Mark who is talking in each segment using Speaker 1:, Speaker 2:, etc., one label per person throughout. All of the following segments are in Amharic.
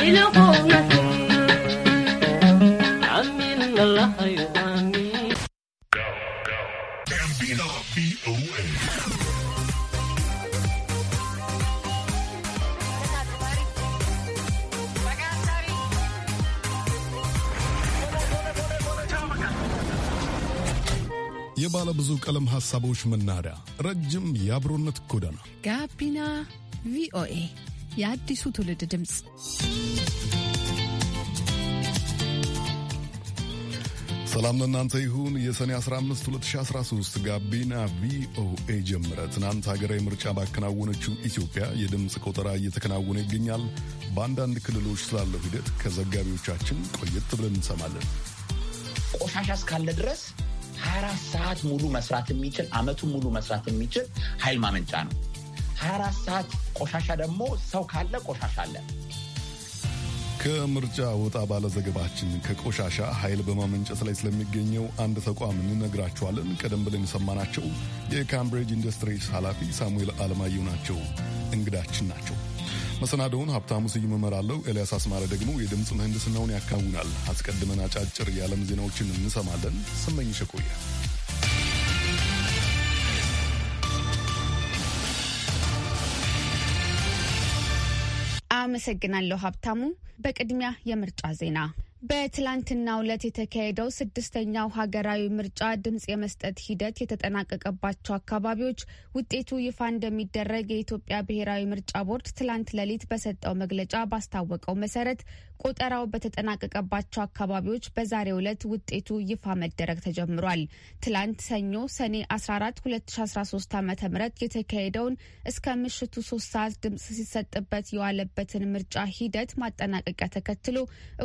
Speaker 1: የባለ
Speaker 2: ብዙ ቀለም ሐሳቦች መናኸሪያ ረጅም የአብሮነት ጎዳና
Speaker 3: ጋቢና ቪኦኤ የአዲሱ ትውልድ ድምፅ
Speaker 2: ሰላም ለእናንተ ይሁን። የሰኔ 15 2013 ጋቢና ቪኦኤ ጀመረ። ትናንት ሀገራዊ ምርጫ ባከናወነችው ኢትዮጵያ የድምፅ ቆጠራ እየተከናወነ ይገኛል። በአንዳንድ ክልሎች ስላለው ሂደት ከዘጋቢዎቻችን ቆየት ብለን እንሰማለን።
Speaker 4: ቆሻሻ እስካለ ድረስ 24 ሰዓት ሙሉ መስራት የሚችል አመቱን ሙሉ መስራት የሚችል ኃይል ማመንጫ ነው። 24 ሰዓት ቆሻሻ ደግሞ ሰው ካለ ቆሻሻ አለ።
Speaker 2: ከምርጫ ወጣ ባለ ዘገባችን ከቆሻሻ ኃይል በማመንጨት ላይ ስለሚገኘው አንድ ተቋም እንነግራችኋለን። ቀደም ብለን የሰማናቸው የካምብሪጅ ኢንዱስትሪስ ኃላፊ ሳሙኤል አለማየሁ ናቸው፣ እንግዳችን ናቸው። መሰናደውን ሀብታሙ ስዩም እመራለሁ። ኤልያስ አስማረ ደግሞ የድምፅ ምህንድስናውን ያካውናል። አስቀድመን አጫጭር የዓለም ዜናዎችን እንሰማለን። ስመኝ ቆየ
Speaker 3: አመሰግናለሁ ሀብታሙ። በቅድሚያ የምርጫ ዜና በትላንትና ዕለት የተካሄደው ስድስተኛው ሀገራዊ ምርጫ ድምፅ የመስጠት ሂደት የተጠናቀቀባቸው አካባቢዎች ውጤቱ ይፋ እንደሚደረግ የኢትዮጵያ ብሔራዊ ምርጫ ቦርድ ትላንት ሌሊት በሰጠው መግለጫ ባስታወቀው መሰረት ቆጠራው በተጠናቀቀባቸው አካባቢዎች በዛሬ ዕለት ውጤቱ ይፋ መደረግ ተጀምሯል። ትላንት ሰኞ ሰኔ 14 2013 ዓ ም የተካሄደውን እስከ ምሽቱ ሶስት ሰዓት ድምፅ ሲሰጥበት የዋለበትን ምርጫ ሂደት ማጠናቀቂያ ተከትሎ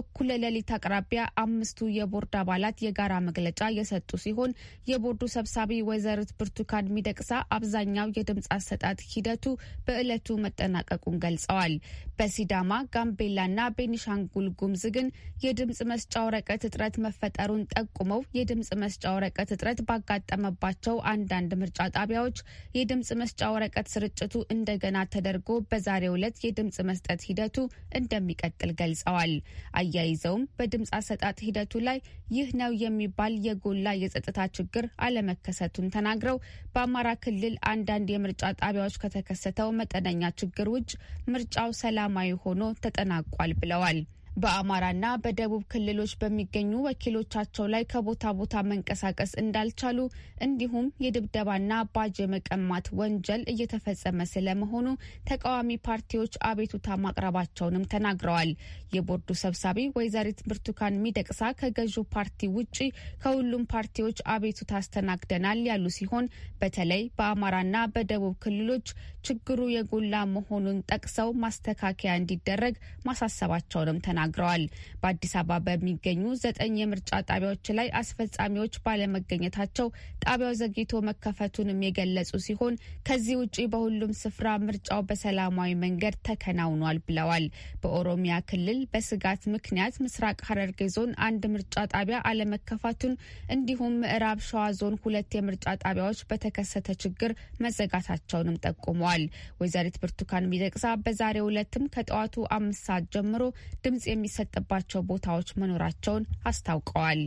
Speaker 3: እኩለ ሌሊት አቅራቢያ አምስቱ የቦርድ አባላት የጋራ መግለጫ የሰጡ ሲሆን የቦርዱ ሰብሳቢ ወይዘሪት ብርቱካን ሚደቅሳ አብዛኛው የድምፅ አሰጣጥ ሂደቱ በዕለቱ መጠናቀቁን ገልጸዋል። በሲዳማ ጋምቤላና ቤኒሻ ቤንሻንጉል ጉምዝ ግን የድምፅ መስጫ ወረቀት እጥረት መፈጠሩን ጠቁመው የድምፅ መስጫ ወረቀት እጥረት ባጋጠመባቸው አንዳንድ ምርጫ ጣቢያዎች የድምፅ መስጫ ወረቀት ስርጭቱ እንደገና ተደርጎ በዛሬው ዕለት የድምፅ መስጠት ሂደቱ እንደሚቀጥል ገልጸዋል። አያይዘውም በድምፅ አሰጣጥ ሂደቱ ላይ ይህ ነው የሚባል የጎላ የጸጥታ ችግር አለመከሰቱን ተናግረው በአማራ ክልል አንዳንድ የምርጫ ጣቢያዎች ከተከሰተው መጠነኛ ችግር ውጭ ምርጫው ሰላማዊ ሆኖ ተጠናቋል ብለዋል። በአማራና በደቡብ ክልሎች በሚገኙ ወኪሎቻቸው ላይ ከቦታ ቦታ መንቀሳቀስ እንዳልቻሉ እንዲሁም የድብደባና ባጅ የመቀማት ወንጀል እየተፈጸመ ስለመሆኑ ተቃዋሚ ፓርቲዎች አቤቱታ ማቅረባቸውንም ተናግረዋል። የቦርዱ ሰብሳቢ ወይዘሪት ብርቱካን ሚደቅሳ ከገዢው ፓርቲ ውጪ ከሁሉም ፓርቲዎች አቤቱታ አስተናግደናል ያሉ ሲሆን በተለይ በአማራና በደቡብ ክልሎች ችግሩ የጎላ መሆኑን ጠቅሰው ማስተካከያ እንዲደረግ ማሳሰባቸውንም ተናግረዋል። ተናግረዋል። በአዲስ አበባ በሚገኙ ዘጠኝ የምርጫ ጣቢያዎች ላይ አስፈጻሚዎች ባለመገኘታቸው ጣቢያው ዘግይቶ መከፈቱንም የገለጹ ሲሆን ከዚህ ውጭ በሁሉም ስፍራ ምርጫው በሰላማዊ መንገድ ተከናውኗል ብለዋል። በኦሮሚያ ክልል በስጋት ምክንያት ምስራቅ ሐረርጌ ዞን አንድ ምርጫ ጣቢያ አለመከፋቱን እንዲሁም ምዕራብ ሸዋ ዞን ሁለት የምርጫ ጣቢያዎች በተከሰተ ችግር መዘጋታቸውንም ጠቁመዋል። ወይዘሪት ብርቱካን ሚደቅሳ በዛሬው ዕለትም ከጠዋቱ አምስት ሰዓት ጀምሮ ድምጽ የሚሰጥባቸው ቦታዎች መኖራቸውን አስታውቀዋል።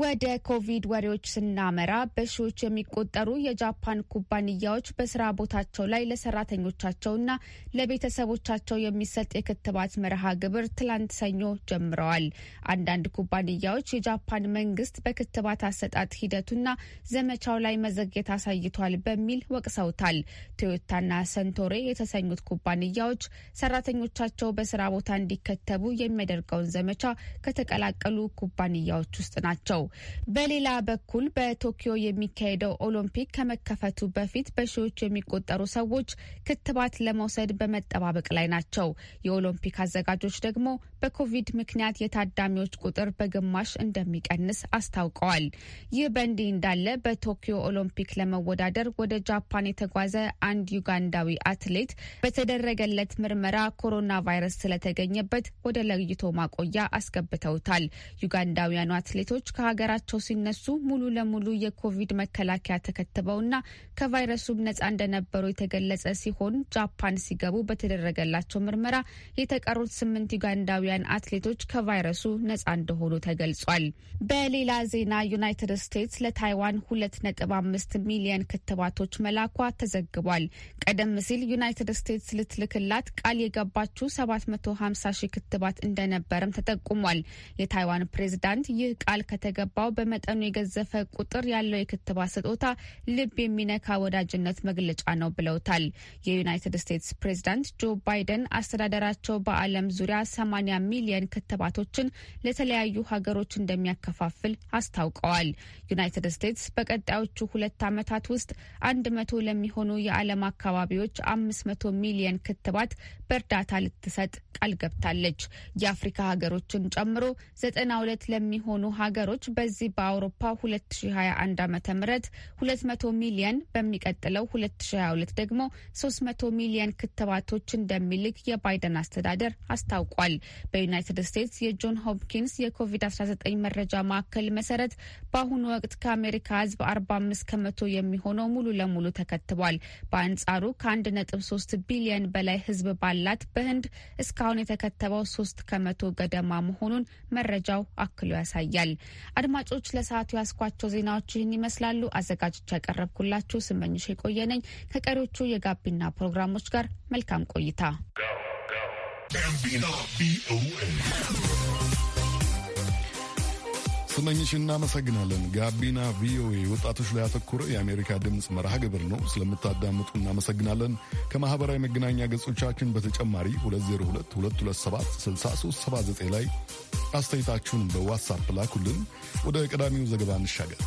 Speaker 3: ወደ ኮቪድ ወሬዎች ስናመራ በሺዎች የሚቆጠሩ የጃፓን ኩባንያዎች በስራ ቦታቸው ላይ ለሰራተኞቻቸውና ለቤተሰቦቻቸው የሚሰጥ የክትባት መርሃ ግብር ትላንት ሰኞ ጀምረዋል። አንዳንድ ኩባንያዎች የጃፓን መንግስት በክትባት አሰጣጥ ሂደቱና ዘመቻው ላይ መዘግየት አሳይቷል በሚል ወቅሰውታል። ቶዮታና ሰንቶሬ የተሰኙት ኩባንያዎች ሰራተኞቻቸው በስራ ቦታ እንዲከተቡ የሚያደርገውን ዘመቻ ከተቀላቀሉ ኩባንያዎች ውስጥ ናቸው። ናቸው። በሌላ በኩል በቶኪዮ የሚካሄደው ኦሎምፒክ ከመከፈቱ በፊት በሺዎች የሚቆጠሩ ሰዎች ክትባት ለመውሰድ በመጠባበቅ ላይ ናቸው። የኦሎምፒክ አዘጋጆች ደግሞ በኮቪድ ምክንያት የታዳሚዎች ቁጥር በግማሽ እንደሚቀንስ አስታውቀዋል። ይህ በእንዲህ እንዳለ በቶኪዮ ኦሎምፒክ ለመወዳደር ወደ ጃፓን የተጓዘ አንድ ዩጋንዳዊ አትሌት በተደረገለት ምርመራ ኮሮና ቫይረስ ስለተገኘበት ወደ ለይቶ ማቆያ አስገብተውታል። ዩጋንዳውያኑ አትሌቶች ከ ከሀገራቸው ሲነሱ ሙሉ ለሙሉ የኮቪድ መከላከያ ተከትበውና ከቫይረሱ ነጻ እንደነበሩ የተገለጸ ሲሆን ጃፓን ሲገቡ በተደረገላቸው ምርመራ የተቀሩት ስምንት ዩጋንዳውያን አትሌቶች ከቫይረሱ ነጻ እንደሆኑ ተገልጿል። በሌላ ዜና ዩናይትድ ስቴትስ ለታይዋን ሁለት ነጥብ አምስት ሚሊየን ክትባቶች መላኳ ተዘግቧል። ቀደም ሲል ዩናይትድ ስቴትስ ልትልክላት ቃል የገባችው ሀምሳ ሺህ ክትባት እንደነበረም ተጠቁሟል። የታይዋን ፕሬዝዳንት ይህ ቃል ከተገ በገባው በመጠኑ የገዘፈ ቁጥር ያለው የክትባት ስጦታ ልብ የሚነካ ወዳጅነት መግለጫ ነው ብለውታል። የዩናይትድ ስቴትስ ፕሬዚዳንት ጆ ባይደን አስተዳደራቸው በዓለም ዙሪያ 80 ሚሊየን ክትባቶችን ለተለያዩ ሀገሮች እንደሚያከፋፍል አስታውቀዋል። ዩናይትድ ስቴትስ በቀጣዮቹ ሁለት ዓመታት ውስጥ አንድ መቶ ለሚሆኑ የዓለም አካባቢዎች አምስት መቶ ሚሊየን ክትባት በእርዳታ ልትሰጥ ቃል ገብታለች። የአፍሪካ ሀገሮችን ጨምሮ ዘጠና ሁለት ለሚሆኑ ሀገሮች በዚህ በአውሮፓ 2021 ም 200 ሚሊየን በሚቀጥለው 2022 ደግሞ 300 ሚሊየን ክትባቶች እንደሚልክ የባይደን አስተዳደር አስታውቋል። በዩናይትድ ስቴትስ የጆን ሆፕኪንስ የኮቪድ-19 መረጃ ማዕከል መሰረት በአሁኑ ወቅት ከአሜሪካ ህዝብ 45 ከመቶ የሚሆነው ሙሉ ለሙሉ ተከትቧል። በአንጻሩ ከ1.3 ቢሊየን በላይ ህዝብ ባላት በህንድ እስካሁን የተከተበው 3 ከመቶ ገደማ መሆኑን መረጃው አክሎ ያሳያል። አድማጮች ለሰዓቱ ያስኳቸው ዜናዎች ይህን ይመስላሉ። አዘጋጅቻ ያቀረብኩላችሁ ስመኝሽ የቆየነኝ ከቀሪዎቹ የጋቢና ፕሮግራሞች ጋር መልካም ቆይታ። ስመኝሽ እናመሰግናለን።
Speaker 2: ጋቢና ቪኦኤ ወጣቶች ላይ ያተኮረ የአሜሪካ ድምፅ መርሃ ግብር ነው። ስለምታዳምጡ እናመሰግናለን። ከማኅበራዊ መገናኛ ገጾቻችን በተጨማሪ 2022276379 ላይ አስተያየታችሁን በዋትሳፕ ላኩልን። ወደ ቀዳሚው ዘገባ እንሻገር።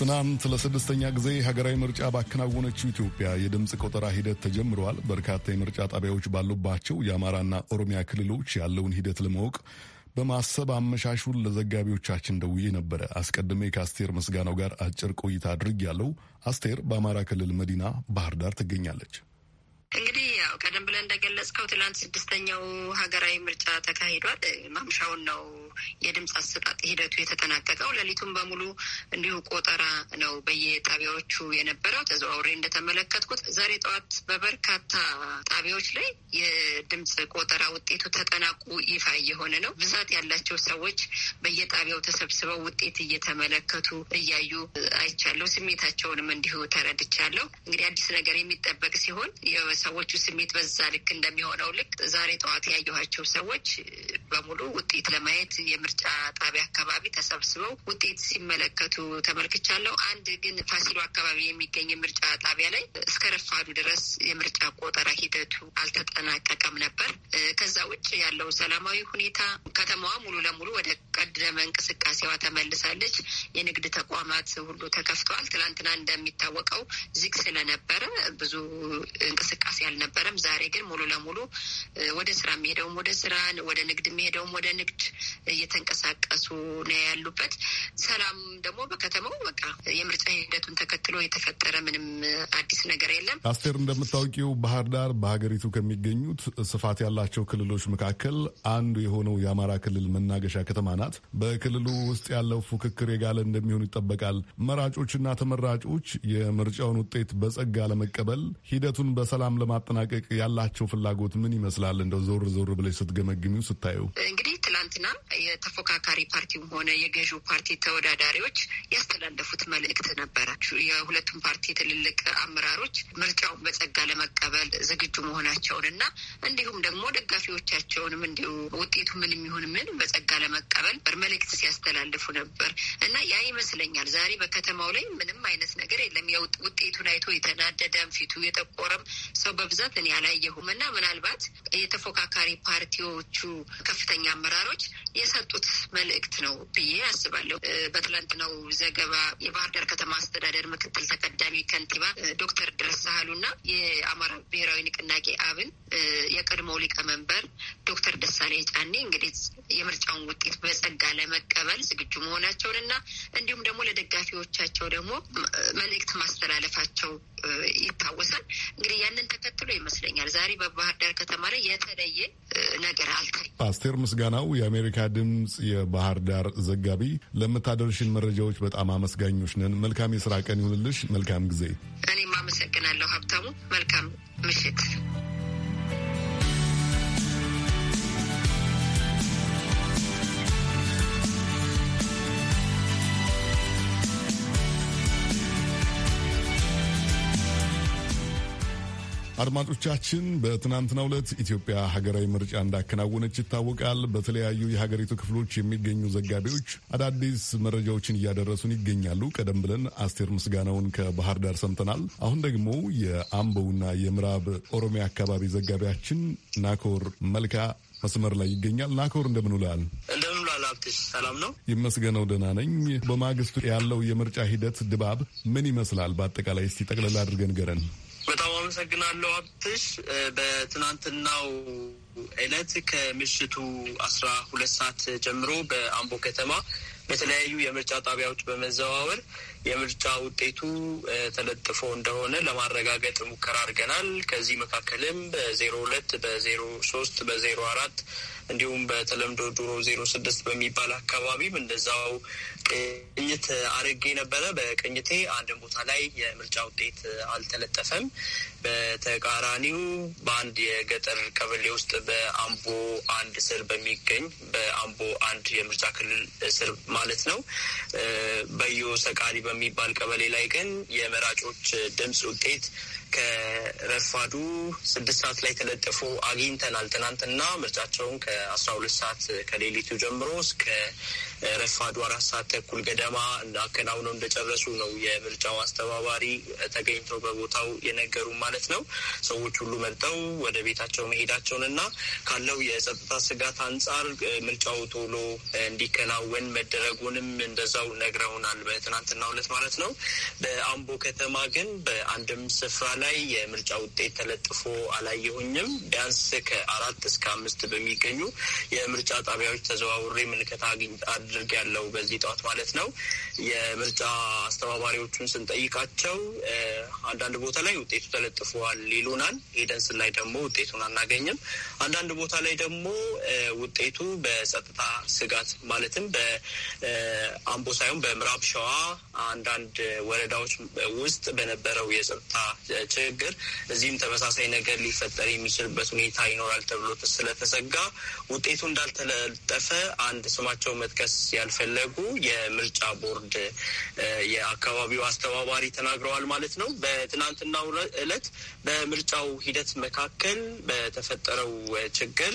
Speaker 2: ትናንት ለስድስተኛ ጊዜ ሀገራዊ ምርጫ ባከናወነችው ኢትዮጵያ የድምፅ ቆጠራ ሂደት ተጀምረዋል። በርካታ የምርጫ ጣቢያዎች ባሉባቸው የአማራና ኦሮሚያ ክልሎች ያለውን ሂደት ለማወቅ በማሰብ አመሻሹን ለዘጋቢዎቻችን ደውዬ ነበረ። አስቀድሜ ከአስቴር ምስጋናው ጋር አጭር ቆይታ ያለው አስቴር በአማራ ክልል መዲና ባህር ዳር ትገኛለች።
Speaker 3: እንግዲህ
Speaker 5: ያው ቀደም ብለን እንደገለጽከው ትላንት ስድስተኛው ሀገራዊ ምርጫ ተካሂዷል። ማምሻውን ነው የድምፅ አሰጣጥ ሂደቱ የተጠናቀቀው። ሌሊቱን በሙሉ እንዲሁ ቆጠራ ነው በየጣቢያዎቹ የነበረው። ተዘዋውሬ እንደተመለከትኩት ዛሬ ጠዋት በበርካታ ጣቢያዎች ላይ የድምፅ ቆጠራ ውጤቱ ተጠናቁ ይፋ እየሆነ ነው። ብዛት ያላቸው ሰዎች በየጣቢያው ተሰብስበው ውጤት እየተመለከቱ እያዩ አይቻለሁ። ስሜታቸውንም እንዲሁ ተረድቻለሁ። እንግዲህ አዲስ ነገር የሚጠበቅ ሲሆን የሰዎቹ ስ ስሜት በዛ ልክ እንደሚሆነው ልክ ዛሬ ጠዋት ያየኋቸው ሰዎች በሙሉ ውጤት ለማየት የምርጫ ጣቢያ አካባቢ ተሰብስበው ውጤት ሲመለከቱ ተመልክቻለሁ። አንድ ግን ፋሲሎ አካባቢ የሚገኝ የምርጫ ጣቢያ ላይ እስከ ረፋዱ ድረስ የምርጫ ቆጠራ ሂደቱ አልተጠናቀቀም ነበር። ከዛ ውጭ ያለው ሰላማዊ ሁኔታ ከተማዋ ሙሉ ለሙሉ ወደ ቀደመ እንቅስቃሴዋ ተመልሳለች። የንግድ ተቋማት ሁሉ ተከፍተዋል። ትላንትና እንደሚታወቀው ዚግ ስለነበረ ብዙ እንቅስቃሴ አልነበረ አልነበረም። ዛሬ ግን ሙሉ ለሙሉ ወደ ስራ የሚሄደውም ወደ ስራ፣ ወደ ንግድ የሚሄደውም ወደ ንግድ እየተንቀሳቀሱ ነው ያሉበት። ሰላም ደግሞ በከተማው በቃ የምርጫ ሂደቱን ተከትሎ የተፈጠረ ምንም አዲስ ነገር የለም።
Speaker 2: አስቴር እንደምታውቂው ባህር ዳር በሀገሪቱ ከሚገኙት ስፋት ያላቸው ክልሎች መካከል አንዱ የሆነው የአማራ ክልል መናገሻ ከተማ ናት። በክልሉ ውስጥ ያለው ፉክክር የጋለ እንደሚሆን ይጠበቃል። መራጮችና ተመራጮች የምርጫውን ውጤት በጸጋ ለመቀበል ሂደቱን በሰላም ለማጠናቀ ለማጠናቀቅ ያላቸው ፍላጎት ምን ይመስላል? እንደው ዞር ዞር ብለሽ ስትገመግሚው ስታዩ እንግዲህ ትናንትና
Speaker 5: የተፎካካሪ ፓርቲውም ሆነ የገዢው ፓርቲ ተወዳዳሪዎች ያስተላለፉት መልእክት ነበረ። የሁለቱም ፓርቲ ትልልቅ አመራሮች ምርጫውን በጸጋ ለመቀበል ዝግጁ መሆናቸውን እና እንዲሁም ደግሞ ደጋፊዎቻቸውንም እንዲሁ ውጤቱ ምን የሚሆን ምን በጸጋ ለመቀበል መልእክት ሲያስተላልፉ ነበር እና ያ ይመስለኛል ዛሬ በከተማው ላይ ምንም አይነት ነገር የለም። ውጤቱን አይቶ የተናደደም ፊቱ የጠቆረም ሰው በብዛት እኔ አላየሁም እና ምናልባት የተፎካካሪ ፓርቲዎቹ ከፍተኛ አመራር አመራሮች የሰጡት መልእክት ነው ብዬ አስባለሁ። በትላንትናው ዘገባ የባህር ዳር ከተማ አስተዳደር ምክትል ተቀዳሚ ከንቲባ ዶክተር ድረስ ሳህሉና የአማራ ብሔራዊ ንቅናቄ አብን የቀድሞው ሊቀመንበር ዶክተር ደሳሌ ጫኔ እንግዲህ የምርጫውን ውጤት በጸጋ ለመቀበል ዝግጁ መሆናቸውን እና እንዲሁም ደግሞ ለደጋፊዎቻቸው ደግሞ መልእክት ማስተላለፋቸው ይታወሳል። እንግዲህ ያንን ተከትሎ ይመስለኛል ዛሬ በባህር ዳር ከተማ ላይ የተለየ ነገር አልታይ።
Speaker 2: አስቴር ምስጋናው የአሜሪካ ድምፅ የባህር ዳር ዘጋቢ፣ ለምታደርሽን መረጃዎች በጣም አመስጋኞች ነን። መልካም የስራ ቀን ይሁንልሽ። መልካም ጊዜ።
Speaker 5: እኔም አመሰግናለሁ ሀብታሙ። መልካም ምሽት።
Speaker 2: አድማጮቻችን በትናንትናው ዕለት ኢትዮጵያ ሀገራዊ ምርጫ እንዳከናወነች ይታወቃል። በተለያዩ የሀገሪቱ ክፍሎች የሚገኙ ዘጋቢዎች አዳዲስ መረጃዎችን እያደረሱን ይገኛሉ። ቀደም ብለን አስቴር ምስጋናውን ከባህር ዳር ሰምተናል። አሁን ደግሞ የአምቦውና የምዕራብ ኦሮሚያ አካባቢ ዘጋቢያችን ናኮር መልካ መስመር ላይ ይገኛል። ናኮር እንደምን ውላል? ሰላም ነው? ይመስገነው ደህና ነኝ። በማግስቱ ያለው የምርጫ ሂደት ድባብ ምን ይመስላል? በአጠቃላይ እስቲ ጠቅለል አድርገን ገረን።
Speaker 1: በጣም አመሰግናለሁ አብትሽ። በትናንትናው ዕለት ከምሽቱ አስራ ሁለት ሰዓት ጀምሮ በአምቦ ከተማ በተለያዩ የምርጫ ጣቢያዎች በመዘዋወር የምርጫ ውጤቱ ተለጥፎ እንደሆነ ለማረጋገጥ ሙከራ አድርገናል። ከዚህ መካከልም በዜሮ ሁለት በዜሮ ሶስት በዜሮ አራት እንዲሁም በተለምዶ ድሮ ዜሮ ስድስት በሚባል አካባቢም እንደዛው ቅኝት አድርጌ ነበረ። በቅኝቴ አንድም ቦታ ላይ የምርጫ ውጤት አልተለጠፈም። በተቃራኒው በአንድ የገጠር ቀበሌ ውስጥ በአምቦ አንድ ስር በሚገኝ በአምቦ አንድ የምርጫ ክልል ስር ማለት ነው በዮ ሰቃሪ የሚባል ቀበሌ ላይ ግን የመራጮች ድምፅ ውጤት ከረፋዱ ስድስት ሰዓት ላይ ተለጥፎ አግኝተናል። ትናንትና ምርጫቸውን ከአስራ ሁለት ሰዓት ከሌሊቱ ጀምሮ እስከ ረፋዱ አራት ሰዓት ተኩል ገደማ አከናውነው እንደጨረሱ ነው የምርጫው አስተባባሪ ተገኝተው በቦታው የነገሩ ማለት ነው። ሰዎች ሁሉ መርጠው ወደ ቤታቸው ና ካለው የጸጥታ ስጋት አንጻር ምርጫው ቶሎ እንዲከናወን መደረጉንም እንደዛው ነግረውናል፣ በትናንትና ሁለት ማለት ነው። በአምቦ ከተማ ግን በአንድም ስፍራ ላይ የምርጫ ውጤት ተለጥፎ አላየሁኝም። ቢያንስ ከአራት እስከ አምስት በሚገኙ የምርጫ ጣቢያዎች ተዘዋውሬ ምልከታ አግኝ አድርግ ያለው በዚህ ጠዋት ማለት ነው። የምርጫ አስተባባሪዎቹን ስንጠይቃቸው አንዳንድ ቦታ ላይ ውጤቱ ተለጥፈዋል ይሉናል። ሄደን ስናይ ደግሞ ውጤቱን አናገኝም። አንዳንድ ቦታ ላይ ደግሞ ውጤቱ በጸጥታ ስጋት ማለትም በአምቦ ሳይሆን በምዕራብ ሸዋ አንዳንድ ወረዳዎች ውስጥ በነበረው የጸጥታ ችግር እዚህም ተመሳሳይ ነገር ሊፈጠር የሚችልበት ሁኔታ ይኖራል ተብሎ ስለተሰጋ ውጤቱ እንዳልተለጠፈ አንድ ስማቸው መጥቀስ ያልፈለጉ የምርጫ ቦርድ የአካባቢው አስተባባሪ ተናግረዋል ማለት ነው። በትናንትናው እለት በምርጫው ሂደት መካከል በተፈጠረው ችግር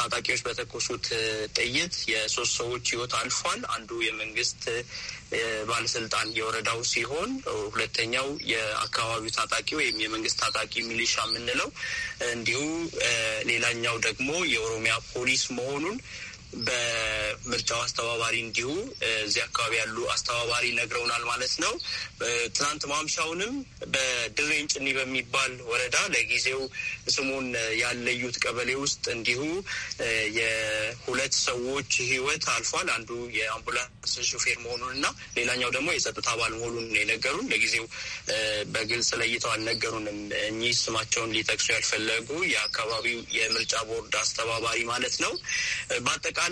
Speaker 1: ታጣቂዎች በተኮሱት ጥይት የሶስት ሰዎች ህይወት አልፏል። አንዱ የመንግስት ባለስልጣን የወረዳው ሲሆን፣ ሁለተኛው የአካባቢው ታጣቂ ወይም የመንግስት ታጣቂ ሚሊሻ የምንለው እንዲሁ ሌላኛው ደግሞ የኦሮሚያ ፖሊስ መሆኑን በምርጫው አስተባባሪ እንዲሁ እዚህ አካባቢ ያሉ አስተባባሪ ነግረውናል ማለት ነው። ትናንት ማምሻውንም በድሬን ጭኒ በሚባል ወረዳ ለጊዜው ስሙን ያለዩት ቀበሌ ውስጥ እንዲሁ የሁለት ሰዎች ሕይወት አልፏል። አንዱ የአምቡላንስ ሹፌር መሆኑን እና ሌላኛው ደግሞ የጸጥታ አባል መሆኑን የነገሩን ለጊዜው በግልጽ ለይተው አልነገሩንም። እኚህ ስማቸውን ሊጠቅሱ ያልፈለጉ የአካባቢው የምርጫ ቦርድ አስተባባሪ ማለት ነው።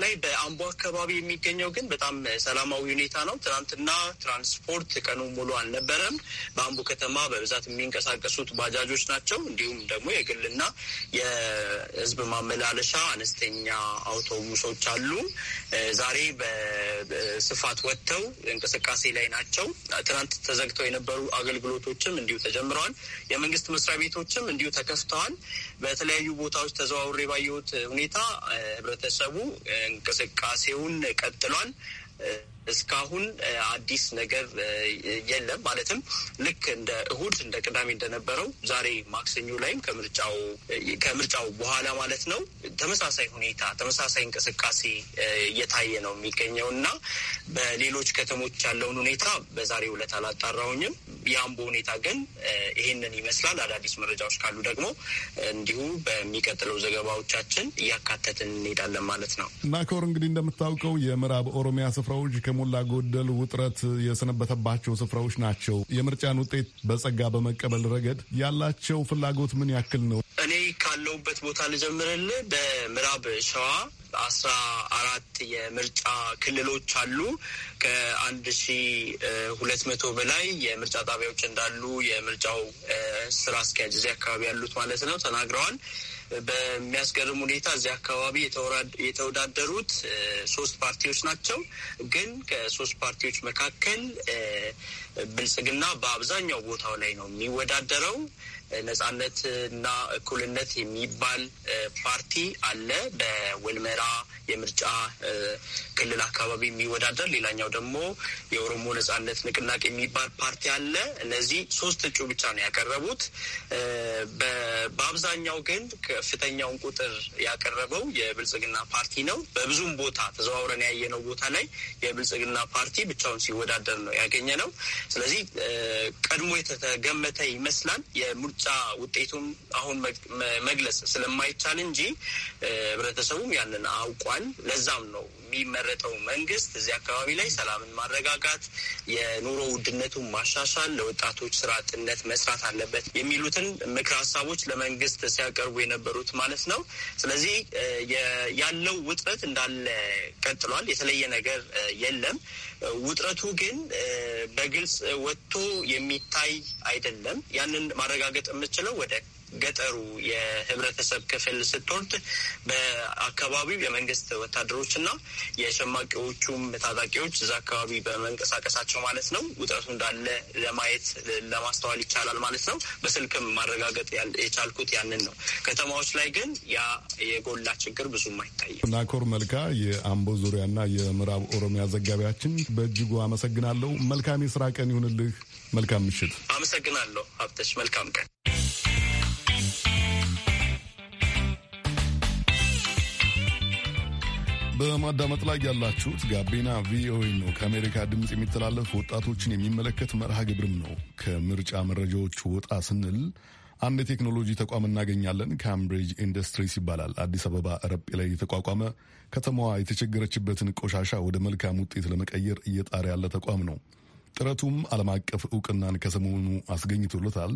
Speaker 1: ላይ በአምቦ አካባቢ የሚገኘው ግን በጣም ሰላማዊ ሁኔታ ነው። ትናንትና ትራንስፖርት ቀኑ ሙሉ አልነበረም። በአምቦ ከተማ በብዛት የሚንቀሳቀሱት ባጃጆች ናቸው። እንዲሁም ደግሞ የግልና የህዝብ ማመላለሻ አነስተኛ አውቶቡሶች አሉ። ዛሬ በስፋት ወጥተው እንቅስቃሴ ላይ ናቸው። ትናንት ተዘግተው የነበሩ አገልግሎቶችም እንዲሁ ተጀምረዋል። የመንግስት መስሪያ ቤቶችም እንዲሁ ተከፍተዋል። በተለያዩ ቦታዎች ተዘዋውሬ ባየሁት ሁኔታ ህብረተሰቡ እንቅስቃሴውን ቀጥሏል። እስካሁን አዲስ ነገር የለም። ማለትም ልክ እንደ እሁድ እንደ ቅዳሜ እንደነበረው ዛሬ ማክሰኞ ላይም ከምርጫው ከምርጫው በኋላ ማለት ነው ተመሳሳይ ሁኔታ ተመሳሳይ እንቅስቃሴ እየታየ ነው የሚገኘው እና በሌሎች ከተሞች ያለውን ሁኔታ በዛሬ ዕለት አላጣራውኝም። የአምቦ ሁኔታ ግን ይሄንን ይመስላል። አዳዲስ መረጃዎች ካሉ ደግሞ እንዲሁ በሚቀጥለው ዘገባዎቻችን እያካተትን እንሄዳለን ማለት ነው።
Speaker 2: ናኮር እንግዲህ እንደምታውቀው የምዕራብ ኦሮሚያ ስፍራዎች የሞላ ጎደል ውጥረት የሰነበተባቸው ስፍራዎች ናቸው። የምርጫን ውጤት በጸጋ በመቀበል ረገድ ያላቸው ፍላጎት ምን ያክል ነው? እኔ
Speaker 1: ካለሁበት ቦታ ልጀምርልህ። በምዕራብ ሸዋ አስራ አራት የምርጫ ክልሎች አሉ። ከአንድ ሺ ሁለት መቶ በላይ የምርጫ ጣቢያዎች እንዳሉ የምርጫው ስራ አስኪያጅ እዚህ አካባቢ ያሉት ማለት ነው ተናግረዋል። በሚያስገርም ሁኔታ እዚህ አካባቢ የተወዳደሩት ሶስት ፓርቲዎች ናቸው። ግን ከሶስት ፓርቲዎች መካከል ብልጽግና በአብዛኛው ቦታው ላይ ነው የሚወዳደረው። እና እኩልነት የሚባል ፓርቲ አለ። በወልመራ የምርጫ ክልል አካባቢ የሚወዳደር ሌላኛው ደግሞ የኦሮሞ ነጻነት ንቅናቄ የሚባል ፓርቲ አለ። እነዚህ ሶስት እጩ ብቻ ነው ያቀረቡት። በአብዛኛው ግን ከፍተኛውን ቁጥር ያቀረበው የብልጽግና ፓርቲ ነው። በብዙም ቦታ ተዘዋውረን ያየነው ቦታ ላይ የብልጽግና ፓርቲ ብቻውን ሲወዳደር ነው ያገኘ ነው። ስለዚህ ቀድሞ የተገመተ ይመስላል። ምርጫ ውጤቱም አሁን መግለጽ ስለማይቻል እንጂ ህብረተሰቡም ያንን አውቋል። ለዛም ነው የሚመረጠው መንግስት እዚህ አካባቢ ላይ ሰላምን ማረጋጋት፣ የኑሮ ውድነቱን ማሻሻል፣ ለወጣቶች ስራ አጥነት መስራት አለበት የሚሉትን ምክር ሀሳቦች ለመንግስት ሲያቀርቡ የነበሩት ማለት ነው። ስለዚህ ያለው ውጥረት እንዳለ ቀጥሏል። የተለየ ነገር የለም። ውጥረቱ ግን በግልጽ ወጥቶ የሚታይ አይደለም። ያንን ማረጋገጥ የምችለው ወደ ገጠሩ የህብረተሰብ ክፍል ስትወርድ በአካባቢው የመንግስት ወታደሮችና የሸማቂዎቹም ታጣቂዎች እዛ አካባቢ በመንቀሳቀሳቸው ማለት ነው ውጥረቱ እንዳለ ለማየት ለማስተዋል ይቻላል ማለት ነው። በስልክም ማረጋገጥ የቻልኩት ያንን ነው። ከተማዎች ላይ ግን ያ የጎላ ችግር ብዙም
Speaker 2: አይታይም። ናኮር መልካ የአምቦ ዙሪያና የምዕራብ ኦሮሚያ ዘጋቢያችን በእጅጉ አመሰግናለሁ። መልካም የስራ ቀን ይሁንልህ። መልካም ምሽት።
Speaker 1: አመሰግናለሁ ሀብተሽ። መልካም ቀን
Speaker 2: በማዳመጥ ላይ ያላችሁት ጋቢና ቪኦኤ ነው። ከአሜሪካ ድምፅ የሚተላለፍ ወጣቶችን የሚመለከት መርሃ ግብርም ነው። ከምርጫ መረጃዎች ወጣ ስንል አንድ የቴክኖሎጂ ተቋም እናገኛለን። ካምብሪጅ ኢንዱስትሪስ ይባላል። አዲስ አበባ ረጴ ላይ የተቋቋመ ከተማዋ የተቸገረችበትን ቆሻሻ ወደ መልካም ውጤት ለመቀየር እየጣረ ያለ ተቋም ነው። ጥረቱም ዓለም አቀፍ እውቅናን ከሰሞኑ አስገኝቶለታል።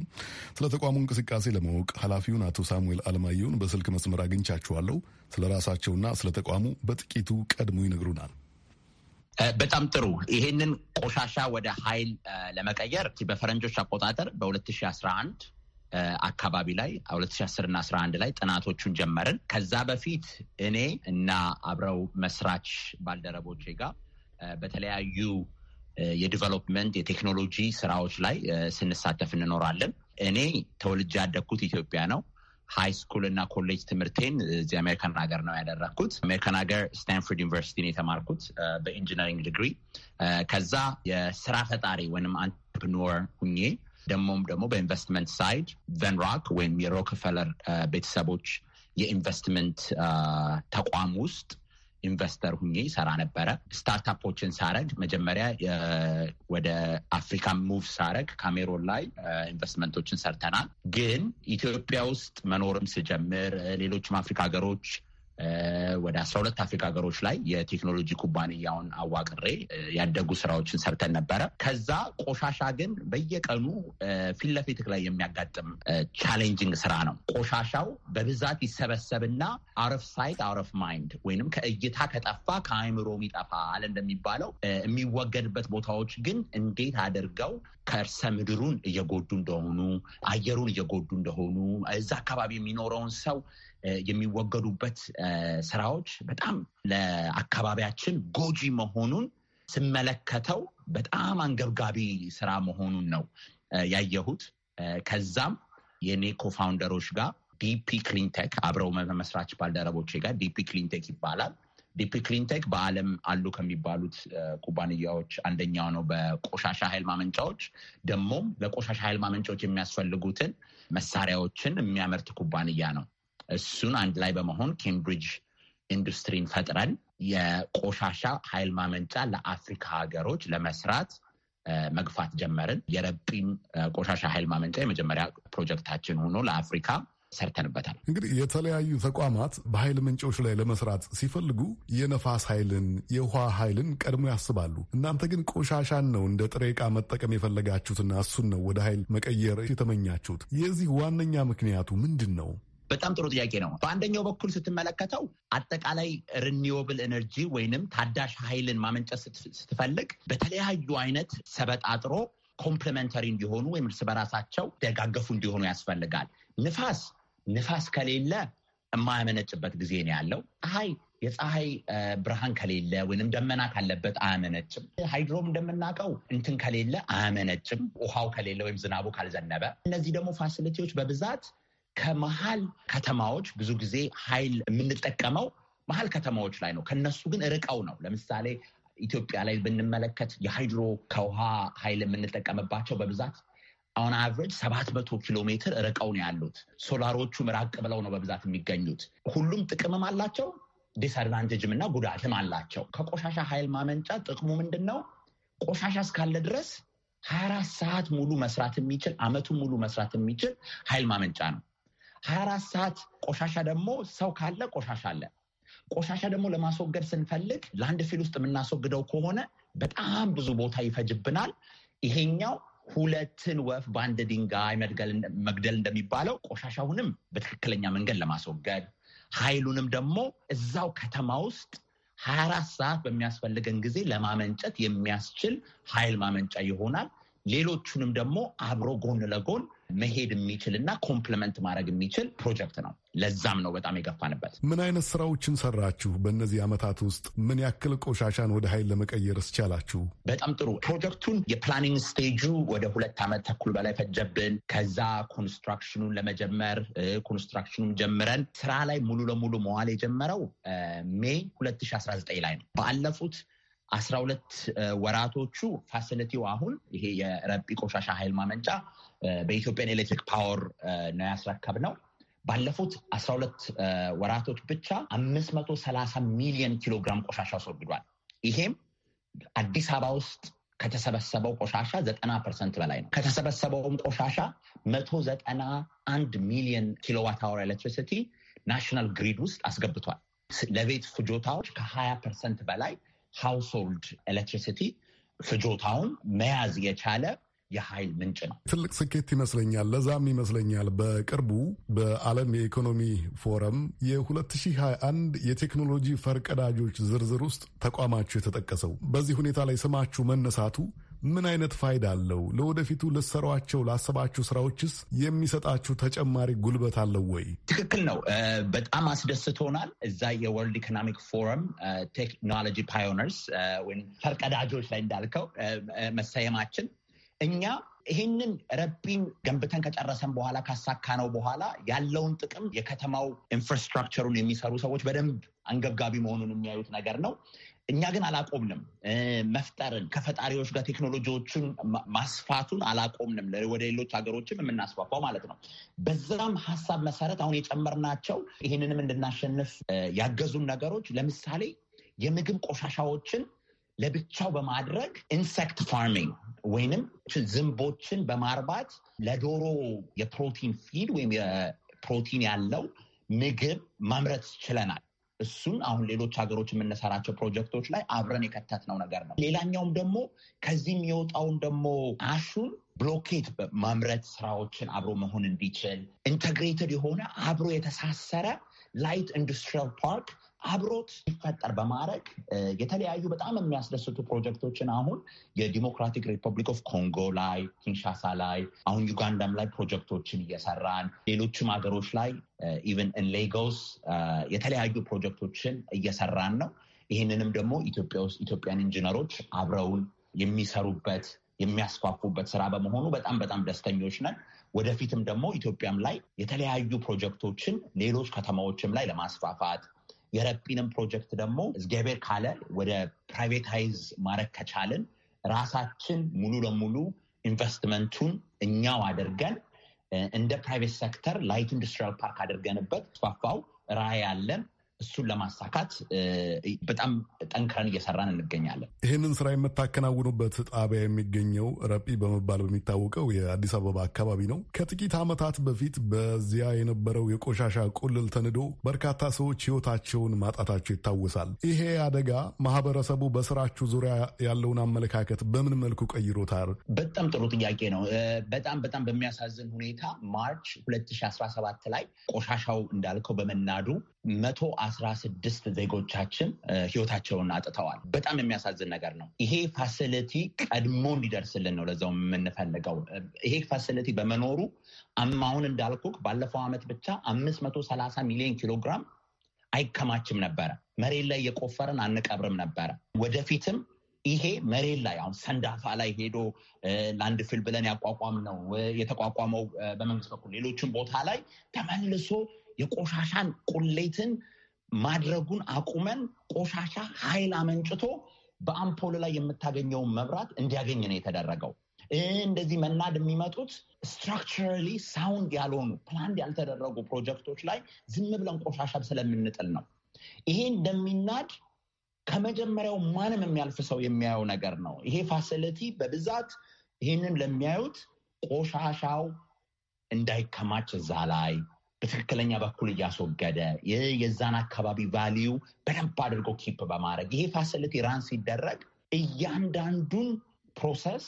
Speaker 2: ስለ ተቋሙ እንቅስቃሴ ለማወቅ ኃላፊውን አቶ ሳሙኤል አለማየሁን በስልክ መስመር አግኝቻችኋለሁ። ስለ ራሳቸውና ስለ ተቋሙ በጥቂቱ ቀድሞ ይነግሩናል። በጣም ጥሩ። ይሄንን ቆሻሻ ወደ ኃይል
Speaker 4: ለመቀየር በፈረንጆች አቆጣጠር በ2011 አካባቢ ላይ 2010 እና 11 ላይ ጥናቶቹን ጀመርን። ከዛ በፊት እኔ እና አብረው መስራች ባልደረቦቼ ጋር በተለያዩ የዲቨሎፕመንት የቴክኖሎጂ ስራዎች ላይ ስንሳተፍ እንኖራለን። እኔ ተወልጄ ያደግኩት ኢትዮጵያ ነው። ሃይ ስኩል እና ኮሌጅ ትምህርቴን እዚህ አሜሪካን ሀገር ነው ያደረግኩት። አሜሪካን ሀገር ስታንፎርድ ነው የተማርኩት በኢንጂነሪንግ ዲግሪ። ከዛ የስራ ፈጣሪ ወይም አንትርፕኖር ሁኜ ደግሞም ደግሞ በኢንቨስትመንት ሳይድ ቨንሮክ ወይም የሮክፈለር ቤተሰቦች የኢንቨስትመንት ተቋም ውስጥ ኢንቨስተር ሁኜ ሰራ ነበረ። ስታርታፖችን ሳረግ መጀመሪያ ወደ አፍሪካ ሙቭ ሳረግ ካሜሮን ላይ ኢንቨስትመንቶችን ሰርተናል። ግን ኢትዮጵያ ውስጥ መኖርም ስጀምር ሌሎችም አፍሪካ ሀገሮች ወደ አስራ ሁለት አፍሪካ ሀገሮች ላይ የቴክኖሎጂ ኩባንያውን አዋቅሬ ያደጉ ስራዎችን ሰርተን ነበረ። ከዛ ቆሻሻ ግን በየቀኑ ፊት ለፊት ላይ የሚያጋጥም ቻሌንጂንግ ስራ ነው። ቆሻሻው በብዛት ይሰበሰብና አረፍ ሳይት አረፍ ማይንድ ወይንም ከእይታ ከጠፋ ከአይምሮ የሚጠፋ አለ እንደሚባለው የሚወገድበት ቦታዎች ግን እንዴት አድርገው ከእርሰ ምድሩን እየጎዱ እንደሆኑ አየሩን እየጎዱ እንደሆኑ እዛ አካባቢ የሚኖረውን ሰው የሚወገዱበት ስራዎች በጣም ለአካባቢያችን ጎጂ መሆኑን ስመለከተው በጣም አንገብጋቢ ስራ መሆኑን ነው ያየሁት። ከዛም የኔ ኮፋውንደሮች ጋር ዲፒ ክሊንቴክ አብረው መመስራች ባልደረቦቼ ጋር ዲፒ ክሊንቴክ ይባላል። ዲፒ ክሊንቴክ በዓለም አሉ ከሚባሉት ኩባንያዎች አንደኛው ነው። በቆሻሻ ኃይል ማመንጫዎች ደግሞም ለቆሻሻ ኃይል ማመንጫዎች የሚያስፈልጉትን መሳሪያዎችን የሚያመርት ኩባንያ ነው። እሱን አንድ ላይ በመሆን ኬምብሪጅ ኢንዱስትሪን ፈጥረን የቆሻሻ ኃይል ማመንጫ ለአፍሪካ ሀገሮች ለመስራት መግፋት ጀመርን። የረጲም ቆሻሻ ኃይል ማመንጫ የመጀመሪያ ፕሮጀክታችን ሆኖ ለአፍሪካ ሰርተንበታል።
Speaker 2: እንግዲህ የተለያዩ ተቋማት በኃይል ምንጮች ላይ ለመስራት ሲፈልጉ የነፋስ ኃይልን፣ የውሃ ኃይልን ቀድሞ ያስባሉ። እናንተ ግን ቆሻሻን ነው እንደ ጥሬ ዕቃ መጠቀም የፈለጋችሁትና እሱን ነው ወደ ኃይል መቀየር የተመኛችሁት። የዚህ ዋነኛ ምክንያቱ ምንድን ነው?
Speaker 4: በጣም ጥሩ ጥያቄ ነው።
Speaker 2: በአንደኛው በኩል ስትመለከተው አጠቃላይ ሪኒዌብል ኤነርጂ ወይንም
Speaker 4: ታዳሽ ኃይልን ማመንጨት ስትፈልግ በተለያዩ አይነት ሰበጣጥሮ ኮምፕሊመንተሪ እንዲሆኑ ወይም እርስ በራሳቸው ደጋገፉ እንዲሆኑ ያስፈልጋል። ንፋስ ንፋስ ከሌለ የማያመነጭበት ጊዜ ነው ያለው። ፀሐይ የፀሐይ ብርሃን ከሌለ ወይም ደመና ካለበት አያመነጭም። ሃይድሮም እንደምናውቀው እንትን ከሌለ አያመነጭም፣ ውሃው ከሌለ ወይም ዝናቡ ካልዘነበ። እነዚህ ደግሞ ፋሲሊቲዎች በብዛት ከመሀል ከተማዎች ብዙ ጊዜ ኃይል የምንጠቀመው መሀል ከተማዎች ላይ ነው። ከነሱ ግን ርቀው ነው። ለምሳሌ ኢትዮጵያ ላይ ብንመለከት የሃይድሮ ከውሃ ኃይል የምንጠቀምባቸው በብዛት አሁን አቨሬጅ ሰባት መቶ ኪሎ ሜትር ርቀው ነው ያሉት። ሶላሮቹ ራቅ ብለው ነው በብዛት የሚገኙት። ሁሉም ጥቅምም አላቸው፣ ዲስአድቫንቴጅም እና ጉዳትም አላቸው። ከቆሻሻ ኃይል ማመንጫ ጥቅሙ ምንድን ነው? ቆሻሻ እስካለ ድረስ ሀያ አራት ሰዓት ሙሉ መስራት የሚችል አመቱ ሙሉ መስራት የሚችል ኃይል ማመንጫ ነው። ሀያ አራት ሰዓት ቆሻሻ ደግሞ ሰው ካለ ቆሻሻ አለ። ቆሻሻ ደግሞ ለማስወገድ ስንፈልግ ለአንድ ፊል ውስጥ የምናስወግደው ከሆነ በጣም ብዙ ቦታ ይፈጅብናል። ይሄኛው ሁለትን ወፍ በአንድ ድንጋይ መግደል እንደሚባለው ቆሻሻውንም በትክክለኛ መንገድ ለማስወገድ ኃይሉንም ደግሞ እዛው ከተማ ውስጥ ሀያ አራት ሰዓት በሚያስፈልገን ጊዜ ለማመንጨት የሚያስችል ኃይል ማመንጫ ይሆናል። ሌሎቹንም ደግሞ አብሮ ጎን ለጎን መሄድ የሚችል እና ኮምፕለመንት ማድረግ የሚችል ፕሮጀክት ነው። ለዛም ነው በጣም የገፋንበት።
Speaker 2: ምን አይነት ስራዎችን ሰራችሁ? በእነዚህ ዓመታት ውስጥ ምን ያክል ቆሻሻን ወደ ኃይል ለመቀየር እስቻላችሁ?
Speaker 4: በጣም ጥሩ። ፕሮጀክቱን የፕላኒንግ ስቴጁ ወደ ሁለት ዓመት ተኩል በላይ ፈጀብን። ከዛ ኮንስትራክሽኑን ለመጀመር ኮንስትራክሽኑን ጀምረን ስራ ላይ ሙሉ ለሙሉ መዋል የጀመረው ሜይ 2019 ላይ ነው። ባለፉት አስራ ሁለት ወራቶቹ ፋሲሊቲው አሁን ይሄ የረጲ ቆሻሻ ኃይል ማመንጫ በኢትዮጵያን ኤሌክትሪክ ፓወር ነው ያስረከብ ነው። ባለፉት አስራ ሁለት ወራቶች ብቻ አምስት መቶ ሰላሳ ሚሊዮን ኪሎ ግራም ቆሻሻ አስወግዷል። ይሄም አዲስ አበባ ውስጥ ከተሰበሰበው ቆሻሻ ዘጠና ፐርሰንት በላይ ነው። ከተሰበሰበውም ቆሻሻ መቶ ዘጠና አንድ ሚሊዮን ኪሎዋት አወር ኤሌክትሪሲቲ ናሽናል ግሪድ ውስጥ አስገብቷል። ለቤት ፍጆታዎች ከሀያ ፐርሰንት በላይ ሃውስሆልድ ኤሌክትሪሲቲ ፍጆታውን መያዝ የቻለ የኃይል ምንጭ ነው።
Speaker 2: ትልቅ ስኬት ይመስለኛል። ለዛም ይመስለኛል በቅርቡ በዓለም የኢኮኖሚ ፎረም የ2021 የቴክኖሎጂ ፈርቀዳጆች ዝርዝር ውስጥ ተቋማችሁ የተጠቀሰው። በዚህ ሁኔታ ላይ ስማችሁ መነሳቱ ምን አይነት ፋይዳ አለው? ለወደፊቱ ልሰሯቸው ላሰባችሁ ስራዎችስ የሚሰጣችሁ ተጨማሪ ጉልበት አለው ወይ?
Speaker 4: ትክክል ነው። በጣም አስደስቶናል። እዛ የወርልድ ኢኮኖሚክ ፎረም ቴክኖሎጂ ፓዮነርስ ወይም ፈርቀዳጆች ላይ እንዳልከው መሰየማችን እኛ ይህንን ረቢን ገንብተን ከጨረሰን በኋላ ካሳካነው በኋላ ያለውን ጥቅም የከተማው ኢንፍራስትራክቸሩን የሚሰሩ ሰዎች በደንብ አንገብጋቢ መሆኑን የሚያዩት ነገር ነው። እኛ ግን አላቆምንም። መፍጠርን ከፈጣሪዎች ጋር ቴክኖሎጂዎቹን ማስፋቱን አላቆምንም። ወደ ሌሎች ሀገሮችም የምናስፋፋው ማለት ነው። በዛም ሀሳብ መሰረት አሁን የጨመርናቸው ይህንንም እንድናሸንፍ ያገዙን ነገሮች ለምሳሌ የምግብ ቆሻሻዎችን ለብቻው በማድረግ ኢንሴክት ፋርሚንግ ወይንም ዝንቦችን በማርባት ለዶሮ የፕሮቲን ፊድ ወይም የፕሮቲን ያለው ምግብ ማምረት ችለናል። እሱን አሁን ሌሎች ሀገሮች የምንሰራቸው ፕሮጀክቶች ላይ አብረን የከተትነው ነገር ነው። ሌላኛውም ደግሞ ከዚህ የሚወጣውን ደግሞ አሹን ብሎኬት ማምረት ስራዎችን አብሮ መሆን እንዲችል ኢንተግሬትድ የሆነ አብሮ የተሳሰረ ላይት ኢንዱስትሪያል ፓርክ አብሮት ሲፈጠር በማድረግ የተለያዩ በጣም የሚያስደስቱ ፕሮጀክቶችን አሁን የዲሞክራቲክ ሪፐብሊክ ኦፍ ኮንጎ ላይ፣ ኪንሻሳ ላይ፣ አሁን ዩጋንዳም ላይ ፕሮጀክቶችን እየሰራን ሌሎችም ሀገሮች ላይ ኢቨን ሌጎስ የተለያዩ ፕሮጀክቶችን እየሰራን ነው። ይህንንም ደግሞ ኢትዮጵያ ውስጥ ኢትዮጵያን ኢንጂነሮች አብረውን የሚሰሩበት የሚያስፋፉበት ስራ በመሆኑ በጣም በጣም ደስተኞች ነን። ወደፊትም ደግሞ ኢትዮጵያም ላይ የተለያዩ ፕሮጀክቶችን ሌሎች ከተማዎችም ላይ ለማስፋፋት የረጲንም ፕሮጀክት ደግሞ እግዚአብሔር ካለ ወደ ፕራይቬታይዝ ማድረግ ከቻልን ራሳችን ሙሉ ለሙሉ ኢንቨስትመንቱን እኛው አድርገን እንደ ፕራይቬት ሴክተር ላይት ኢንዱስትሪያል ፓርክ አድርገንበት ስፋፋው ራይ አለን። እሱን ለማሳካት በጣም ጠንክረን እየሰራን እንገኛለን።
Speaker 2: ይህንን ስራ የምታከናውኑበት ጣቢያ የሚገኘው ረጲ በመባል በሚታወቀው የአዲስ አበባ አካባቢ ነው። ከጥቂት ዓመታት በፊት በዚያ የነበረው የቆሻሻ ቁልል ተንዶ በርካታ ሰዎች ሕይወታቸውን ማጣታቸው ይታወሳል። ይሄ አደጋ ማህበረሰቡ በስራችሁ ዙሪያ ያለውን አመለካከት በምን መልኩ ቀይሮታል? በጣም ጥሩ ጥያቄ ነው።
Speaker 4: በጣም በጣም በሚያሳዝን ሁኔታ ማርች 2017 ላይ ቆሻሻው እንዳልከው በመናዱ መቶ አስራ ስድስት ዜጎቻችን ህይወታቸውን አጥተዋል። በጣም የሚያሳዝን ነገር ነው። ይሄ ፋሲሊቲ ቀድሞ እንዲደርስልን ነው ለዛው የምንፈልገው። ይሄ ፋሲሊቲ በመኖሩ አሁን እንዳልኩክ ባለፈው ዓመት ብቻ አምስት መቶ ሰላሳ ሚሊዮን ኪሎግራም አይከማችም ነበረ። መሬት ላይ የቆፈርን አንቀብርም ነበረ። ወደፊትም ይሄ መሬት ላይ አሁን ሰንዳፋ ላይ ሄዶ ለአንድ ፊል ብለን ያቋቋም ነው የተቋቋመው በመንግስት በኩል ሌሎችን ቦታ ላይ ተመልሶ የቆሻሻን ቁሌትን ማድረጉን አቁመን ቆሻሻ ኃይል አመንጭቶ በአምፖል ላይ የምታገኘውን መብራት እንዲያገኝ ነው የተደረገው። እንደዚህ መናድ የሚመጡት ስትራክቸራሊ ሳውንድ ያልሆኑ ፕላንድ ያልተደረጉ ፕሮጀክቶች ላይ ዝም ብለን ቆሻሻ ስለምንጥል ነው። ይሄ እንደሚናድ ከመጀመሪያው ማንም የሚያልፍ ሰው የሚያየው ነገር ነው። ይሄ ፋሲሊቲ በብዛት ይህንን ለሚያዩት ቆሻሻው እንዳይከማች እዛ ላይ በትክክለኛ በኩል እያስወገደ የዛን አካባቢ ቫሊዩ በደንብ አድርጎ ኪፕ በማድረግ ይሄ ፋሲሊቲ ራን ሲደረግ እያንዳንዱን ፕሮሰስ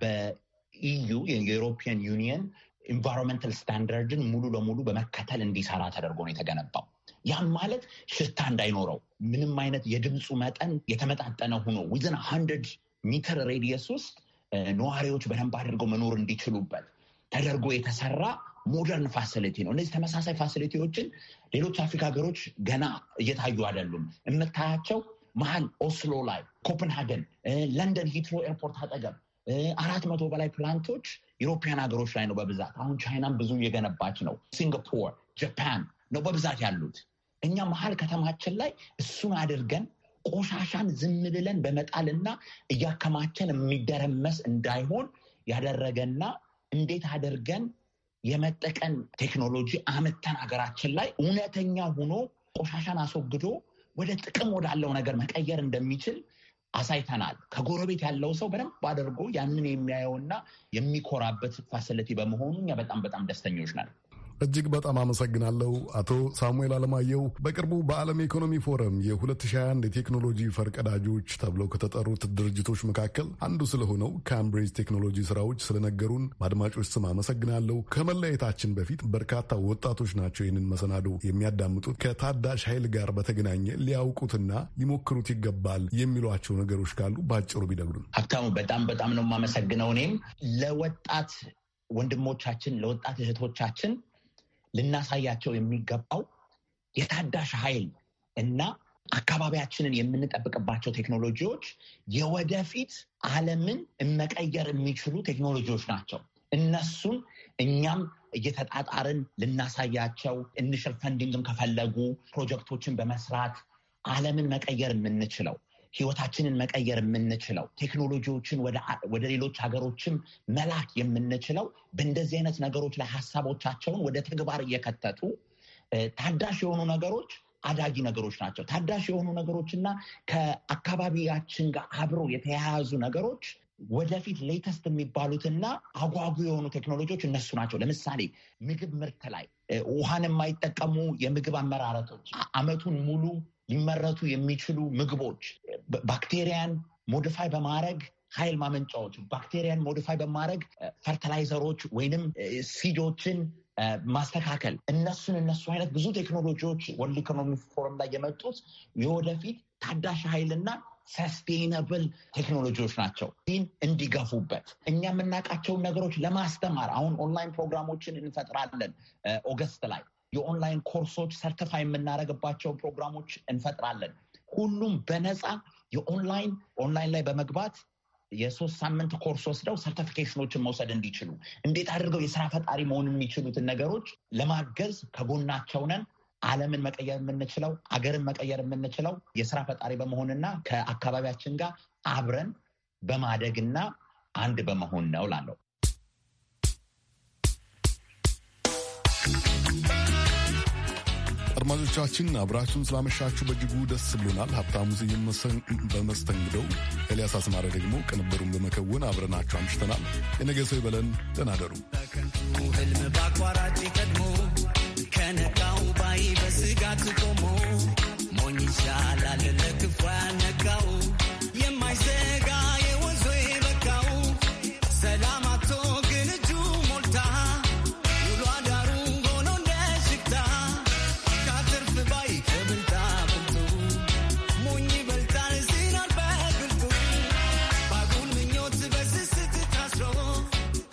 Speaker 4: በኢዩ የዩሮፒያን ዩኒየን ኢንቫይሮንመንታል ስታንዳርድን ሙሉ ለሙሉ በመከተል እንዲሰራ ተደርጎ ነው የተገነባው። ያም ማለት ሽታ እንዳይኖረው ምንም አይነት የድምፁ መጠን የተመጣጠነ ሆኖ ዊዝን ሀንድርድ ሚተር ሬዲየስ ውስጥ ነዋሪዎች በደንብ አድርገው መኖር እንዲችሉበት ተደርጎ የተሰራ ሞደርን ፋሲሊቲ ነው። እነዚህ ተመሳሳይ ፋሲሊቲዎችን ሌሎች አፍሪካ ሀገሮች ገና እየታዩ አይደሉም። የምታያቸው መሀል ኦስሎ ላይ፣ ኮፐንሃገን፣ ለንደን ሂትሮ ኤርፖርት አጠገብ አራት መቶ በላይ ፕላንቶች ዩሮፒያን ሀገሮች ላይ ነው በብዛት። አሁን ቻይናም ብዙ እየገነባች ነው። ሲንጋፖር፣ ጃፓን ነው በብዛት ያሉት። እኛ መሀል ከተማችን ላይ እሱን አድርገን ቆሻሻን ዝም ብለን በመጣልና እያከማቸን የሚደረመስ እንዳይሆን ያደረገና እንዴት አድርገን የመጠቀም ቴክኖሎጂ አመተን ሀገራችን ላይ እውነተኛ ሆኖ ቆሻሻን አስወግዶ ወደ ጥቅም ወዳለው ነገር መቀየር እንደሚችል አሳይተናል። ከጎረቤት ያለው ሰው በደንብ አድርጎ ያንን የሚያየውና የሚኮራበት ፋሲሊቲ በመሆኑ እኛ በጣም በጣም ደስተኞች ናል።
Speaker 2: እጅግ በጣም አመሰግናለሁ አቶ ሳሙኤል አለማየሁ። በቅርቡ በዓለም ኢኮኖሚ ፎረም የ2021 የቴክኖሎጂ ፈርቀዳጆች ተብለው ከተጠሩት ድርጅቶች መካከል አንዱ ስለሆነው ካምብሪጅ ቴክኖሎጂ ስራዎች ስለነገሩን በአድማጮች ስም አመሰግናለሁ። ከመለየታችን በፊት በርካታ ወጣቶች ናቸው ይህንን መሰናዶ የሚያዳምጡት። ከታዳሽ ኃይል ጋር በተገናኘ ሊያውቁትና ሊሞክሩት ይገባል የሚሏቸው ነገሮች ካሉ በአጭሩ ቢነግሩን። ሀብታሙ በጣም በጣም ነው የማመሰግነው። እኔም ለወጣት
Speaker 4: ወንድሞቻችን ለወጣት እህቶቻችን ልናሳያቸው የሚገባው የታዳሽ ኃይል እና አካባቢያችንን የምንጠብቅባቸው ቴክኖሎጂዎች የወደፊት ዓለምን መቀየር የሚችሉ ቴክኖሎጂዎች ናቸው። እነሱን እኛም እየተጣጣርን ልናሳያቸው ኢኒሻል ፈንዲንግም ከፈለጉ ፕሮጀክቶችን በመስራት ዓለምን መቀየር የምንችለው ህይወታችንን መቀየር የምንችለው ቴክኖሎጂዎችን ወደ ሌሎች ሀገሮችም መላክ የምንችለው በእንደዚህ አይነት ነገሮች ላይ ሀሳቦቻቸውን ወደ ተግባር እየከተቱ ታዳሽ የሆኑ ነገሮች አዳጊ ነገሮች ናቸው። ታዳሽ የሆኑ ነገሮች እና ከአካባቢያችን ጋር አብረው የተያያዙ ነገሮች ወደፊት ሌተስት የሚባሉትና አጓጉ የሆኑ ቴክኖሎጂዎች እነሱ ናቸው። ለምሳሌ ምግብ ምርት ላይ ውሃን የማይጠቀሙ የምግብ አመራረቶች አመቱን ሙሉ ሊመረቱ የሚችሉ ምግቦች ባክቴሪያን ሞዲፋይ በማድረግ ኃይል ማመንጫዎች ባክቴሪያን ሞዲፋይ በማድረግ ፈርታላይዘሮች ወይንም ሲዶችን ማስተካከል እነሱን እነሱ አይነት ብዙ ቴክኖሎጂዎች ወርልድ ኢኮኖሚ ፎረም ላይ የመጡት የወደፊት ታዳሽ ኃይልና ሰስቴናብል ቴክኖሎጂዎች ናቸው። ይህን እንዲገፉበት እኛ የምናውቃቸውን ነገሮች ለማስተማር አሁን ኦንላይን ፕሮግራሞችን እንፈጥራለን ኦገስት ላይ የኦንላይን ኮርሶች ሰርቲፋይ የምናደረግባቸውን ፕሮግራሞች እንፈጥራለን። ሁሉም በነፃ የኦንላይን ኦንላይን ላይ በመግባት የሶስት ሳምንት ኮርስ ወስደው ሰርቲፊኬሽኖችን መውሰድ እንዲችሉ እንዴት አድርገው የስራ ፈጣሪ መሆን የሚችሉትን ነገሮች ለማገዝ ከጎናቸው ነን። ዓለምን መቀየር የምንችለው አገርን መቀየር የምንችለው የስራ ፈጣሪ በመሆንና ከአካባቢያችን ጋር አብረን በማደግና አንድ በመሆን ነው ላለው
Speaker 2: አድማጮቻችን አብራችሁን ስላመሻችሁ በእጅጉ ደስ ብሎናል። ሀብታሙ ስዩም በመስተንግደው፣ ኤልያስ አስማረ ደግሞ ቅንብሩን በመከወን አብረናችሁ አምሽተናል። የነገ ሰው ይበለን። ደህና ደሩ።